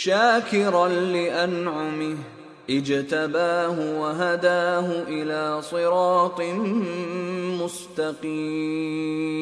شاكرا لانعمه اجتباه وهداه الى صراط مستقيم